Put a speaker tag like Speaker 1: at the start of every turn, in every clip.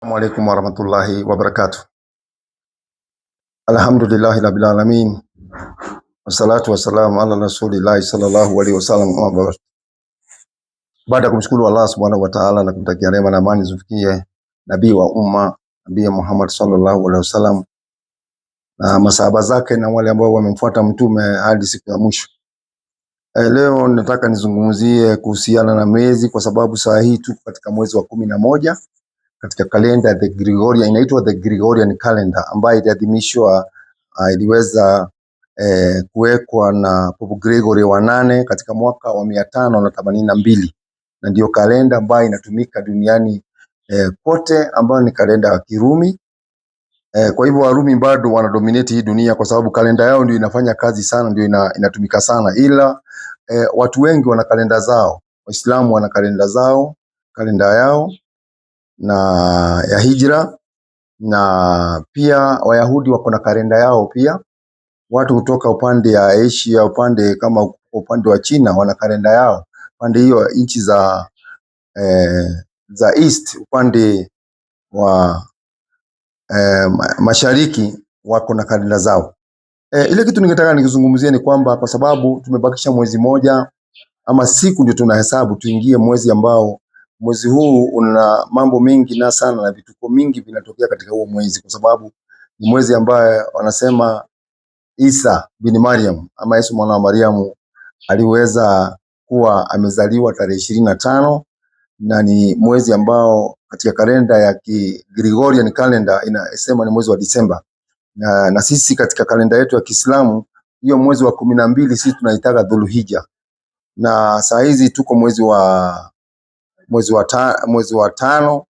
Speaker 1: Assalamu alaykum wa rahmatullahi wa barakatuh. Alhamdulillahi rabbil alamin. Wassalatu wassalamu ala rasulillahi sallallahu alaihi wasallam. Baada ya kumshukuru Allah subhanahu wa ta'ala na kumtakia rehema na amani zifikie nabii wa umma Nabii Muhammad sallallahu alaihi wasallam na masahaba zake na wale ambao wamemfuata mtume hadi siku ya mwisho. E, leo nataka nizungumzie kuhusiana na mwezi kwa sababu saa hii tuko katika mwezi wa kumi na moja katika kalenda the Gregorian, inaitwa the Gregorian calendar ambayo iliadhimishwa uh, iliweza eh, kuwekwa na Pope Gregory wa nane katika mwaka wa mia tano na themanini na mbili na ndio kalenda ambayo inatumika duniani eh, kote ambayo ni kalenda ya Kirumi. Eh, kwa hivyo Warumi bado wanadominate hii dunia kwa sababu kalenda yao ndio inafanya kazi sana, ndio ina, inatumika sana ila eh, watu wengi wana kalenda zao. Waislamu wana kalenda zao, kalenda yao na ya hijra, na pia Wayahudi wako na kalenda yao pia. Watu kutoka upande ya Asia, upande kama upande wa China wana kalenda yao, upande hiyo nchi za eh, za east upande wa eh, mashariki wako na kalenda zao. E, ile kitu ningetaka nikizungumzie ni kwamba kwa sababu tumebakisha mwezi moja ama siku ndio tunahesabu tuingie mwezi ambao Mwezi huu una mambo mengi na sana na vituko mingi vinatokea katika huo mwezi, kwa sababu ni mwezi ambaye wanasema Isa bin Maryam ama Yesu mwana wa Mariamu aliweza kuwa amezaliwa tarehe ishirini na tano na ni mwezi ambao katika kalenda ya Gregorian calendar inasema ni mwezi wa Disemba na, na sisi katika kalenda yetu ya Kiislamu hiyo mwezi wa kumi na mbili sisi tunaitaga Dhulhijja, na saa hizi tuko mwezi wa mwezi wa ta, mwezi wa tano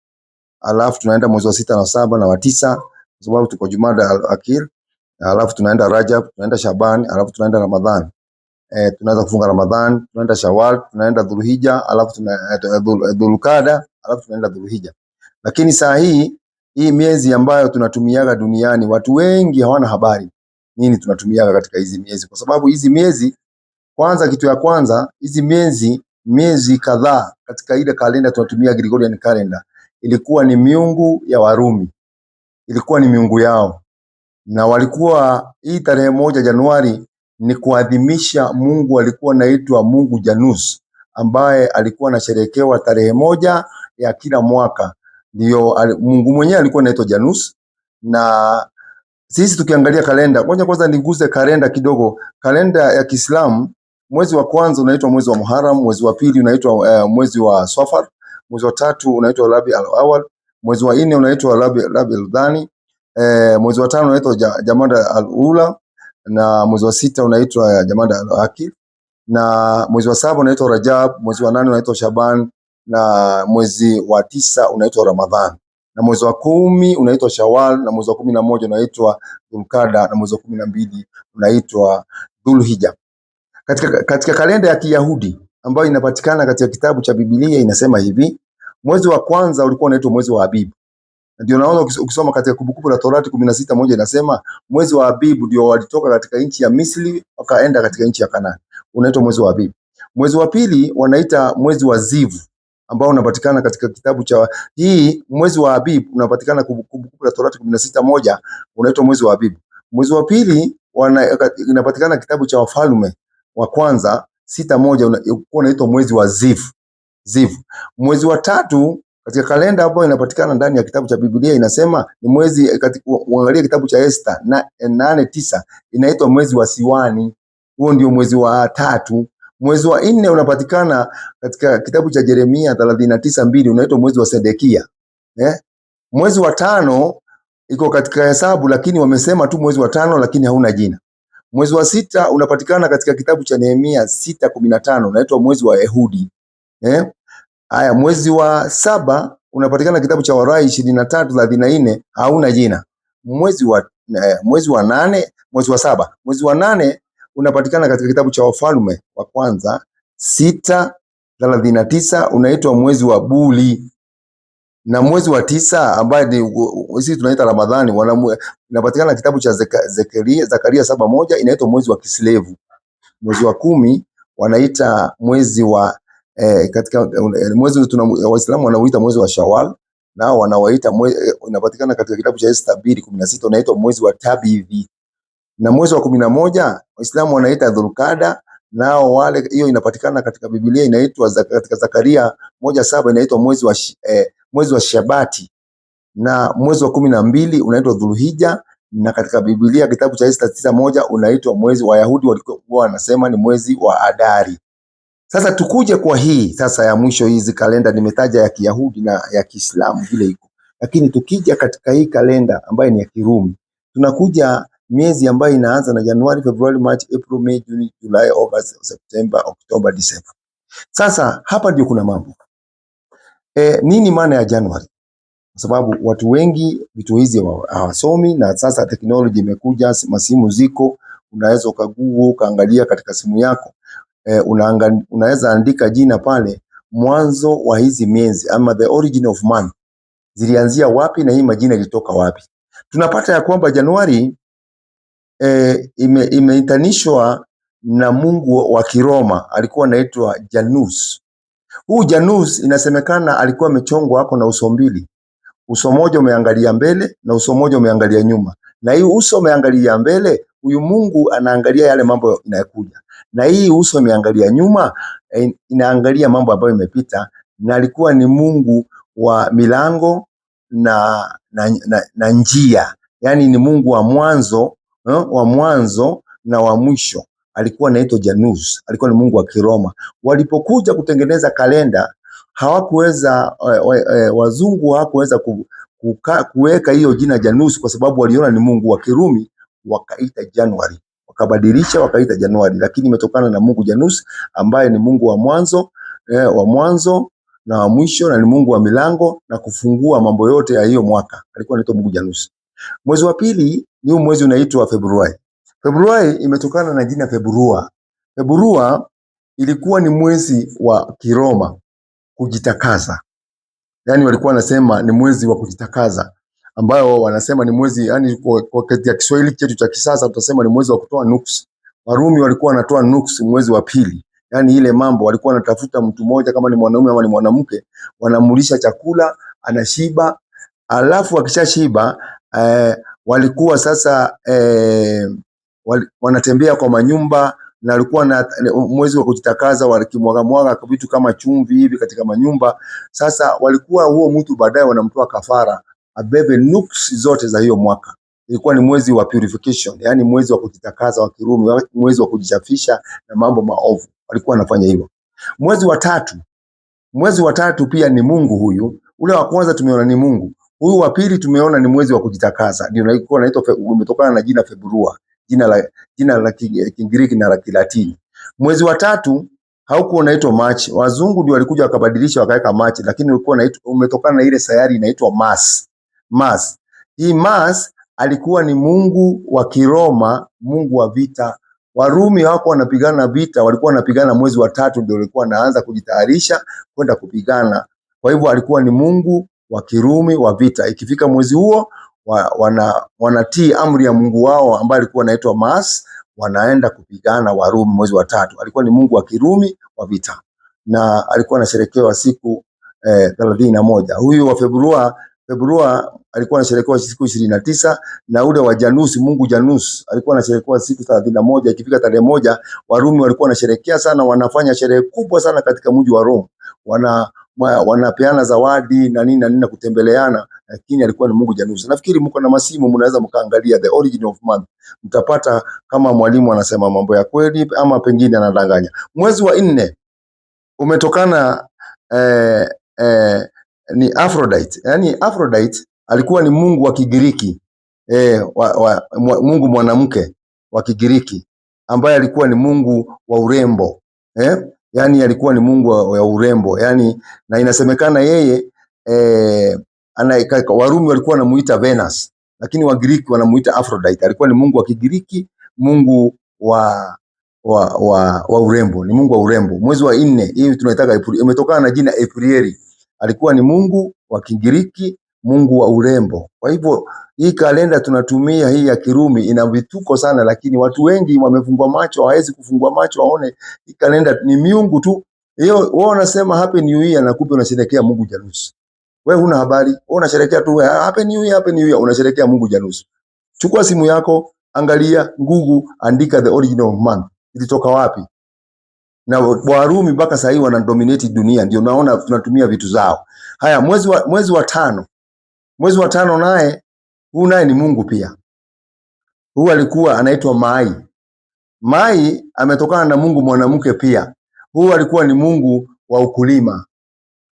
Speaker 1: alafu tunaenda mwezi wa sita na saba na wa tisa kwa sababu tuko Jumada al-Akhir, alafu tunaenda Rajab, tunaenda Shaban, alafu tunaenda Ramadhan. E, tunaanza kufunga Ramadhan, tunaenda Shawwal, tunaenda Dhulhijja, alafu tuna eh, eh, Dhulqaada alafu tunaenda Dhulhijja. Lakini saa hii hii miezi ambayo tunatumiaga duniani, watu wengi hawana habari nini tunatumiaga katika hizi miezi, kwa sababu hizi miezi, kwanza, kitu ya kwanza, hizi miezi miezi kadhaa katika ile kalenda tunatumia Gregorian calendar. Ilikuwa ni miungu ya Warumi, ilikuwa ni miungu yao, na walikuwa hii tarehe moja Januari ni kuadhimisha mungu alikuwa anaitwa mungu Janus, ambaye alikuwa anasherekewa tarehe moja ya kila mwaka. Ndio mungu mwenyewe alikuwa anaitwa Janus na sisi tukiangalia kalenda kwanza kwanza niguze kalenda kidogo. Kalenda ya Kiislamu Mwezi wa kwanza unaitwa mwezi wa Muharram, mwezi wa pili unaitwa uh, mwezi wa Safar, mwezi wa tatu unaitwa Rabi al Awal, mwezi wa nne unaitwa Rabi Rabi al-Thani, eh, mwezi wa tano unaitwa Jamada al-Ula na mwezi wa sita unaitwa Jamada al-Akhir na mwezi wa saba unaitwa Rajab, mwezi wa nane unaitwa Shaban na mwezi wa tisa unaitwa Ramadhan na mwezi wa kumi unaitwa Shawal, na mwezi wa kumi na moja unaitwa Dhulqada na mwezi wa kumi na mbili unaitwa Dhulhijja. Katika, katika kalenda ya Kiyahudi ambayo inapatikana katika kitabu cha Biblia inasema hivi, mwezi wa kwanza ulikuwa unaitwa mwezi wa Abibu. Ndio naona ukisoma katika Kumbukumbu la Torati 16 moja inasema mwezi wa Abibu ndio walitoka katika nchi ya Misri wakaenda katika nchi ya Kanaani, unaitwa mwezi wa Abibu. Mwezi wa pili wanaita mwezi wa Zivu ambao unapatikana katika kitabu cha hii. Mwezi wa Abibu unapatikana Kumbukumbu la Torati 16 moja unaitwa mwezi wa Abibu. Mwezi wa pili wana, inapatikana kitabu cha Wafalme wa kwanza sita moja ulikuwa unaitwa mwezi wa Zivu. Zivu. Mwezi wa tatu katika kalenda ambayo inapatikana ndani ya kitabu cha Biblia inasema ni mwezi eh, katika uangalia kitabu cha Esther na eh, nane tisa inaitwa mwezi wa Siwani. Huo ndio mwezi wa tatu. Mwezi wa nne unapatikana katika kitabu cha Yeremia 39:2 unaitwa mwezi wa Sedekia. Eh? Mwezi wa tano iko katika hesabu, lakini wamesema tu mwezi wa tano, lakini hauna jina. Mwezi wa sita unapatikana katika kitabu cha Nehemia sita kumi na tano unaitwa mwezi wa Ehudi. Eh? Haya, mwezi wa saba unapatikana kitabu cha Warai ishirini na tatu thelathini na nne hauna jina. Mwezi wa eh, mwezi wa nane, mwezi wa saba, mwezi wa nane unapatikana katika kitabu cha Wafalme wa kwanza sita thelathini na tisa unaitwa mwezi wa Buli na mwezi wa tisa ambaye ni sisi tunaita Ramadhani, inapatikana kitabu cha Zekaria, Zakaria saba moja inaitwa mwezi wa Kislevu. Mwezi wa kumi wanaita mwezi wa eh, katika eh, mwezi tuna Waislamu wanauita mwezi wa Shawal, na wanawaita mwezi, eh, inapatikana katika kitabu cha Esta mbili kumi na sita unaitwa mwezi wa Tabivi, na mwezi wa kumi na moja Waislamu wanaita Dhulkada nao wale hiyo inapatikana katika Biblia inaitwa katika Zakaria moja saba inaitwa mwezi wa eh, mwezi wa Shabati na mwezi wa kumi na mbili unaitwa Dhulhija, na katika Biblia kitabu cha Esta tisa moja unaitwa mwezi, Wayahudi walikuwa wanasema ni mwezi wa Adari. Sasa tukuje kwa hii sasa ya mwisho, hizi kalenda nimetaja ya Kiyahudi na ya Kiislamu vile iko, lakini tukija katika hii kalenda ambayo ni ya Kirumi, tunakuja miezi ambayo inaanza na Januari, Februari, March, April, May, Juni, July, August, September, October, December. Sasa hapa ndio kuna mambo E, nini maana ya Januari? Kwa sababu watu wengi vitu hizi hawasomi, na sasa teknolojia imekuja, masimu ziko, unaweza ukaguu ukaangalia katika simu yako e, unaweza andika jina pale, mwanzo wa hizi miezi ama the origin of month zilianzia wapi na hii majina ilitoka wapi. Tunapata ya kwamba Januari eh, e, imeitanishwa na mungu wa Kiroma alikuwa anaitwa Janus huu Janus inasemekana alikuwa amechongwa hapo na uso mbili, uso mmoja umeangalia mbele na uso mmoja umeangalia nyuma, na hii uso umeangalia mbele, huyu Mungu anaangalia yale mambo inayokuja, na hii uso imeangalia nyuma, eh, inaangalia mambo ambayo imepita, na alikuwa ni Mungu wa milango na, na, na, na njia, yaani ni Mungu wa mwanzo eh, wa mwanzo na wa mwisho alikuwa anaitwa Janus, alikuwa ni mungu wa Kiroma. Walipokuja kutengeneza kalenda hawakuweza eh, eh, eh, wazungu hawakuweza kuweka hiyo jina Janus kwa sababu waliona ni mungu wa Kirumi, wakaita January, wakabadilisha wakaita Januari, lakini imetokana na mungu Janus ambaye ni mungu wa mwanzo eh, wa mwanzo na wa mwisho na ni mungu wa milango na kufungua mambo yote ya hiyo mwaka. Alikuwa anaitwa mungu Janus. Mwezi wa pili ni mwezi unaitwa Februari. Februari imetokana na jina Februa. Februa ilikuwa ni mwezi wa Kiroma kujitakaza, yaani walikuwa wanasema ni mwezi wa kujitakaza, ambayo wanasema ni mwezi yani, kwa, kwa katika Kiswahili chetu cha kisasa tutasema ni mwezi wa kutoa nuksi. Warumi walikuwa wanatoa nuksi mwezi wa pili, yaani ile mambo walikuwa wanatafuta mtu mmoja, kama ni mwanaume ama ni mwanamke, wanamulisha chakula anashiba, alafu akishashiba eh, walikuwa sasa eh, wanatembea kwa manyumba na alikuwa na mwezi wa kujitakaza, mwaga vitu kama chumvi hivi katika manyumba. Sasa walikuwa huo mtu baadaye wanamtoa kafara abebe nuksi zote za hiyo mwaka. Ilikuwa ni mwezi wa purification, yani mwezi wa kujitakaza wa Kirumi, mwezi wa kujichafisha na mambo maovu. Walikuwa wanafanya hivyo. Mwezi wa tatu, mwezi wa tatu pia ni Mungu huyu. Ule wa kwanza tumeona ni Mungu huyu, wa pili tumeona ni mwezi wa kujitakaza, ndio ilikuwa inaitwa, umetokana na jina Februari jina la, jina la Kigiriki na la Kilatini. Mwezi wa tatu haukuwa unaitwa March, Wazungu ndio walikuja wakabadilisha wakaweka March, lakini ulikuwa unaitwa umetokana na ile sayari inaitwa Mars. Mars. Hii Mars alikuwa ni mungu wa Kiroma, mungu wa vita. Warumi wako wanapigana vita, walikuwa wanapigana mwezi wa tatu, ndio walikuwa wanaanza kujitayarisha kwenda kupigana. Kwa hivyo alikuwa ni mungu wa Kirumi wa vita. Ikifika mwezi huo wana, wanatii amri ya Mungu wao ambaye alikuwa anaitwa Maas, wanaenda kupigana Warumi mwezi wa tatu. Alikuwa ni Mungu wa Kirumi wa vita na alikuwa anasherekewa siku eh, thelathini eh, na moja. Huyu wa Februa Februa alikuwa anasherekewa siku ishirini na tisa na ule wa Janusi, Mungu Janusi alikuwa anasherekewa siku thelathini na moja. Ikifika tarehe moja Warumi walikuwa wanasherekea sana, wanafanya sherehe kubwa sana katika mji wa Rome, wana wanapeana zawadi na nini na nini na kutembeleana, lakini alikuwa ni Mungu Januzi. Nafikiri mko na masimu, mnaweza mkaangalia the origin of month, mtapata kama mwalimu anasema mambo ya kweli ama pengine anadanganya. Mwezi wa nne umetokana eh, eh, ni Aphrodite. Yani Aphrodite alikuwa ni mungu wa Kigiriki eh, wa, wa, mungu mwanamke wa Kigiriki ambaye alikuwa ni mungu wa urembo eh? yani alikuwa ni mungu wa, urembo yani, na inasemekana yeye e, ana, Warumi walikuwa wanamuita Venus, lakini Wagiriki wanamuita Aphrodite. Alikuwa ni mungu wa Kigiriki, mungu wa wa, wa, wa urembo, ni mungu wa urembo. Mwezi wa nne hii tunaitaka imetokana na jina Aprili, alikuwa ni mungu wa Kigiriki mungu wa urembo. Kwa hivyo hii kalenda tunatumia hii ya Kirumi ina vituko sana, lakini watu wengi wamefungwa macho, hawawezi kufungua macho waone hii kalenda ni miungu tu. Hiyo wao wanasema happy new year, na kumbe unasherekea mungu Janusi. Wewe huna habari, wewe unasherekea tu happy new year, happy new year, unasherekea mungu Janusi. Chukua simu yako, angalia Google, andika the origin of man, ilitoka wapi na Warumi mpaka sasa hivi wanadominate dunia, ndio naona tunatumia vitu zao. Haya, mwezi wa, mwezi wa tano Mwezi wa tano naye, huu naye ni Mungu pia. Huu alikuwa anaitwa Mai. Mai ametokana na Mungu mwanamke pia. Huu alikuwa ni Mungu wa ukulima,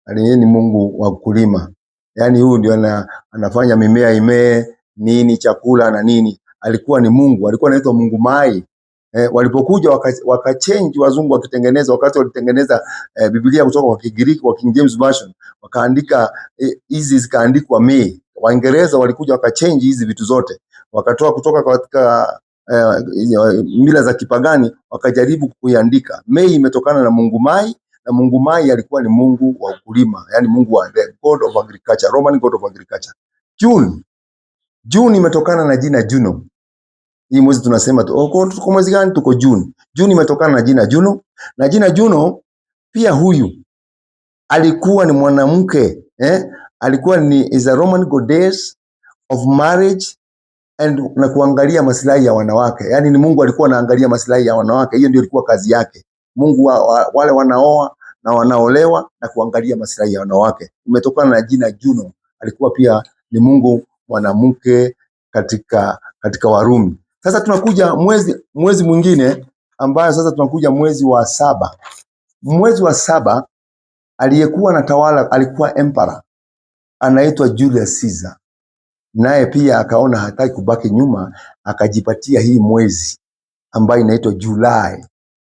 Speaker 1: aliye yaani ni Mungu wa ukulima, yaani huyu ndio ana, anafanya mimea imee nini chakula na nini. Alikuwa ni Mungu, alikuwa anaitwa Mungu Mai eh, walipokuja wakachange waka wazungu wakitengeneza, wakati walitengeneza eh, Biblia kutoka kwa Kigiriki kwa King James Version wakaandika eh, hizi eh, zikaandikwa me. Waingereza walikuja wakachange hizi vitu zote wakatoa kutoka katika eh, eh mila za kipagani wakajaribu kuiandika me. Imetokana na Mungu Mai na Mungu Mai alikuwa ni Mungu wa ukulima, yani Mungu wa the God of Agriculture, Roman God of Agriculture. June June imetokana na jina Juno hii mwezi tunasema tu, oh, tuko mwezi gani? Tuko Juni. Juni imetokana na jina Juno, na jina Juno pia huyu alikuwa ni mwanamke eh? alikuwa ni is a Roman goddess of marriage and na kuangalia maslahi ya wanawake, yaani ni Mungu alikuwa anaangalia maslahi ya wanawake. Hiyo ndio ilikuwa kazi yake Mungu wa, wa, wale wanaoa na wanaolewa na kuangalia maslahi ya wanawake. Imetokana na jina Juno, alikuwa pia ni Mungu mwanamke katika, katika Warumi. Sasa tunakuja mwezi mwezi mwingine ambayo sasa tunakuja mwezi wa saba. Mwezi wa saba aliyekuwa na tawala alikuwa emperor anaitwa Julius Caesar, naye pia akaona hataki kubaki nyuma, akajipatia hii mwezi ambayo inaitwa Julai,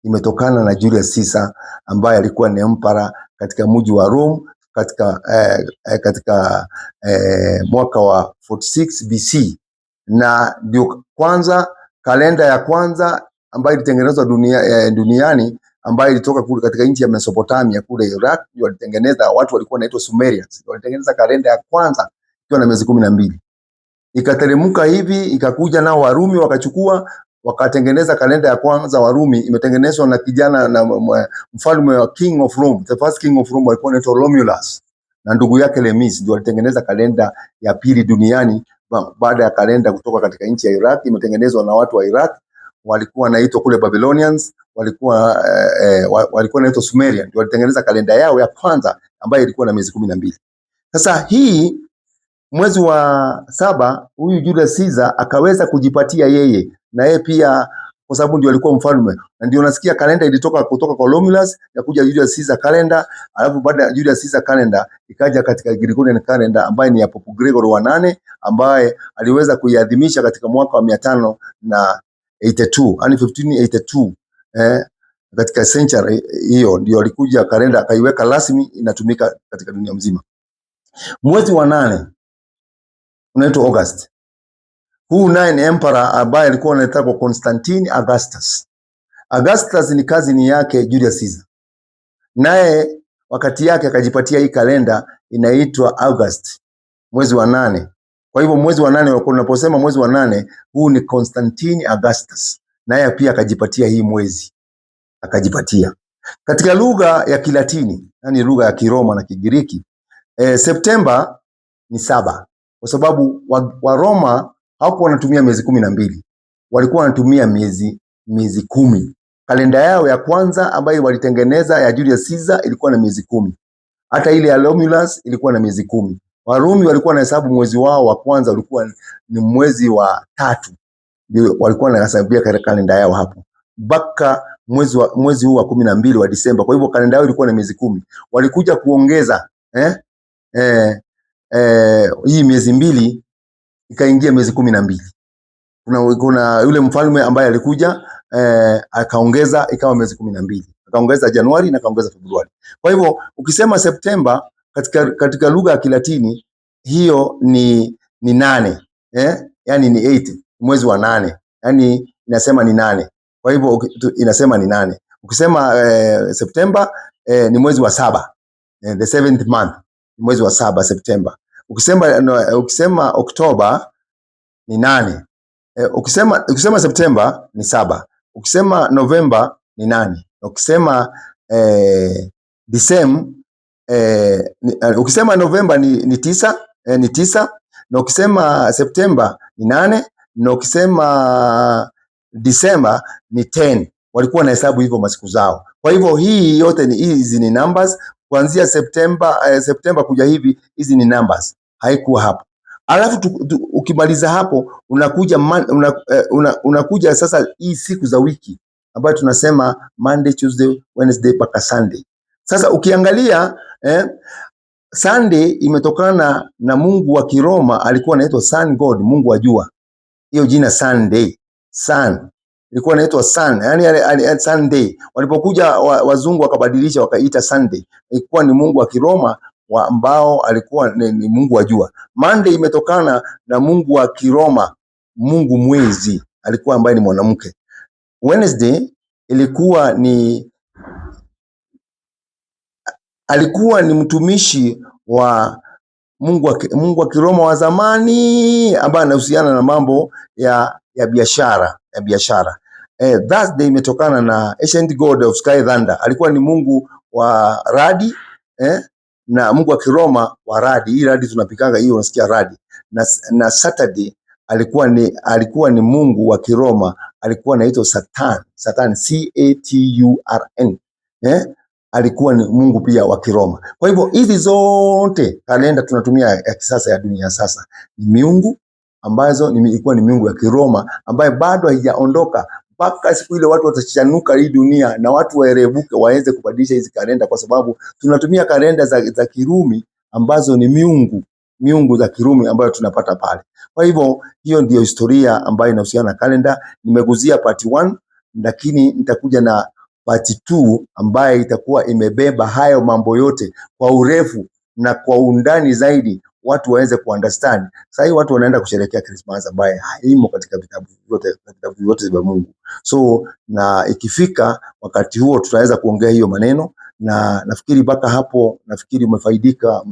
Speaker 1: imetokana na Julius Caesar ambaye alikuwa ni emperor katika mji wa Rome katika, eh, eh katika eh, mwaka wa 46 BC na ndio kwanza kalenda ya kwanza ambayo ilitengenezwa dunia, eh, duniani ambayo ilitoka kule katika nchi ya Mesopotamia kule Iraq, walitengeneza watu walikuwa wanaitwa Sumerians. Walitengeneza kalenda ya kwanza ikiwa na miezi kumi na mbili ikateremka hivi, ikakuja nao Warumi wakachukua wakatengeneza kalenda ya kwanza Warumi, imetengenezwa na kijana na mfalme wa King of Rome, the first King of Rome alikuwa anaitwa Romulus na ndugu yake Lemis, ndio walitengeneza kalenda ya pili duniani baada ya kalenda kutoka katika nchi ya Iraq, imetengenezwa na watu wa Iraq walikuwa naitwa kule Babylonians, walikuwa eh, eh walikuwa naitwa Sumerian, ndio walitengeneza kalenda yao ya kwanza ambayo ilikuwa na miezi kumi na mbili. Sasa hii mwezi wa saba huyu Julius Caesar akaweza kujipatia yeye na yeye pia kwa sababu ndio alikuwa mfalme, na ndio nasikia kalenda ilitoka kutoka kwa Romulus ya kuja Julius Caesar kalenda, alafu baada ya Julius Caesar kalenda ikaja katika Gregorian kalenda ambaye ni ya Pope Gregor wa nane ambaye aliweza kuiadhimisha katika mwaka wa 582 yani 1582 eh, katika century hiyo ndio alikuja kalenda akaiweka rasmi inatumika katika dunia mzima. Mwezi wa nane unaitwa August huu naye ni emperor ambaye alikuwa anaitwa kwa Constantine Augustus. Augustus ni kazini yake Julius Caesar, naye wakati yake akajipatia hii kalenda inaitwa August, mwezi wa nane. Kwa hivyo mwezi wa nane, unaposema mwezi wa nane, huu ni Constantine Augustus, naye pia akajipatia hii mwezi akajipatia katika lugha ya Kilatini, yani lugha ya Kiroma na Kigiriki. E, eh, Septemba ni saba kwa sababu Waroma wa hawakuwa wanatumia miezi kumi na mbili, walikuwa wanatumia miezi miezi kumi. Kalenda yao ya kwanza ambayo walitengeneza ya Julius Caesar ilikuwa na miezi kumi, hata ile ya Romulus ilikuwa na miezi kumi. Warumi walikuwa na hesabu mwezi wao wa kwanza ulikuwa ni mwezi wa tatu, ndio walikuwa wanahesabia katika kalenda yao hapo mpaka mwezi wa mwezi huu wa kumi na mbili wa Disemba. Kwa hivyo kalenda yao ilikuwa na miezi kumi, walikuja kuongeza eh, eh, eh, hii miezi mbili ikaingia miezi kumi na mbili. Kuna, kuna yule mfalme ambaye alikuja eh, akaongeza ikawa miezi kumi na mbili, akaongeza Januari na akaongeza Februari. Kwa hivyo ukisema Septemba katika, katika lugha ya Kilatini hiyo ni, ni nane eh? Yani ni eight, mwezi wa nane, yani inasema ni nane. Kwa hivyo inasema ni nane. Ukisema eh, Septemba eh, ni mwezi wa saba eh, the seventh month, mwezi wa saba Septemba. Ukisema, no, ukisema Oktoba ni nane. E, eh, ukisema, ukisema Septemba ni saba. Ukisema Novemba ni nane. Ukisema e, eh, Disem, e, eh, ni, ukisema Novemba ni, ni tisa e, ni tisa na ukisema Septemba ni nane na ukisema Disemba ni 10. Walikuwa na hesabu hivyo masiku zao. Kwa hivyo hii yote ni hizi ni numbers kuanzia Septemba eh, Septemba kuja hivi, hizi ni numbers, haikuwa hapo. Alafu tu, tu, ukimaliza hapo unakuja man, una, eh, una, unakuja sasa hii siku za wiki ambayo tunasema Monday, Tuesday, Wednesday mpaka Sunday. Sasa ukiangalia eh, Sunday imetokana na mungu wa Kiroma alikuwa anaitwa Sun God, mungu wa jua. Hiyo jina Sunday, sun ilikuwa inaitwa Sun, yani yani Sunday. Walipokuja wazungu wakabadilisha wakaita Sunday, ilikuwa ni mungu wa Kiroma wa ambao alikuwa ni, ni mungu wa jua. Monday imetokana na mungu wa Kiroma, mungu mwezi alikuwa ambaye ni mwanamke. Wednesday ilikuwa ni alikuwa ni mtumishi wa mungu wa, mungu wa Kiroma wa zamani ambaye anahusiana na mambo ya ya biashara ya biashara. Eh, Thursday imetokana na ancient god of sky thunder, alikuwa ni mungu wa radi eh, na mungu wa Kiroma wa radi. Hii radi tunapikanga hiyo, unasikia radi. Na, na Saturday alikuwa ni, alikuwa ni mungu wa Kiroma, alikuwa anaitwa Satan, Satan C A T U R N eh, alikuwa ni mungu pia wa Kiroma. Kwa hivyo hizi zote kalenda tunatumia ya kisasa ya dunia sasa ni miungu ambazo ilikuwa ni miungu ya Kiroma ambayo bado haijaondoka mpaka siku ile watu watachanuka hii dunia na watu waerebuke waweze kubadilisha hizi kalenda, kwa sababu tunatumia kalenda za, za Kirumi ambazo ni miungu miungu za Kirumi ambayo tunapata pale. Kwa hivyo hiyo ndiyo historia ambayo inahusiana na kalenda. Nimeguzia part 1 lakini nitakuja na part 2 ambayo itakuwa imebeba hayo mambo yote kwa urefu na kwa undani zaidi watu waweze kuunderstand. Sasa hivi watu wanaenda kusherehekea Christmas ambaye haimo katika vitabu vyote vitabu vyote vya Mungu. So na ikifika wakati huo tutaweza kuongea hiyo maneno, na nafikiri mpaka hapo nafikiri umefaidika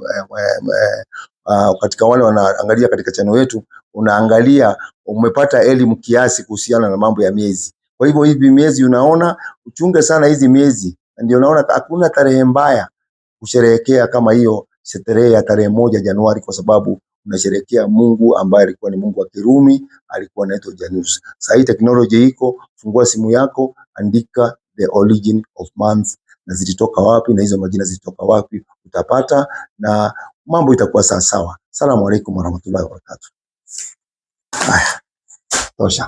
Speaker 1: Uh, katika wale wanaangalia katika chano yetu, unaangalia umepata elimu kiasi kuhusiana na mambo ya miezi. Kwa hivyo hivi miezi unaona, uchunge sana hizi miezi, ndio unaona hakuna tarehe mbaya kusherehekea kama hiyo sherehe ya tarehe moja Januari kwa sababu unasherekea Mungu ambaye alikuwa ni Mungu wa Kirumi, alikuwa anaitwa Janus. Sasa hii teknolojia iko, fungua simu yako, andika the origin of month na zilitoka wapi na hizo majina zilitoka wapi, utapata na mambo itakuwa sawa sawa. Salamu alaykum warahmatullahi wabarakatuh. Haya, tosha.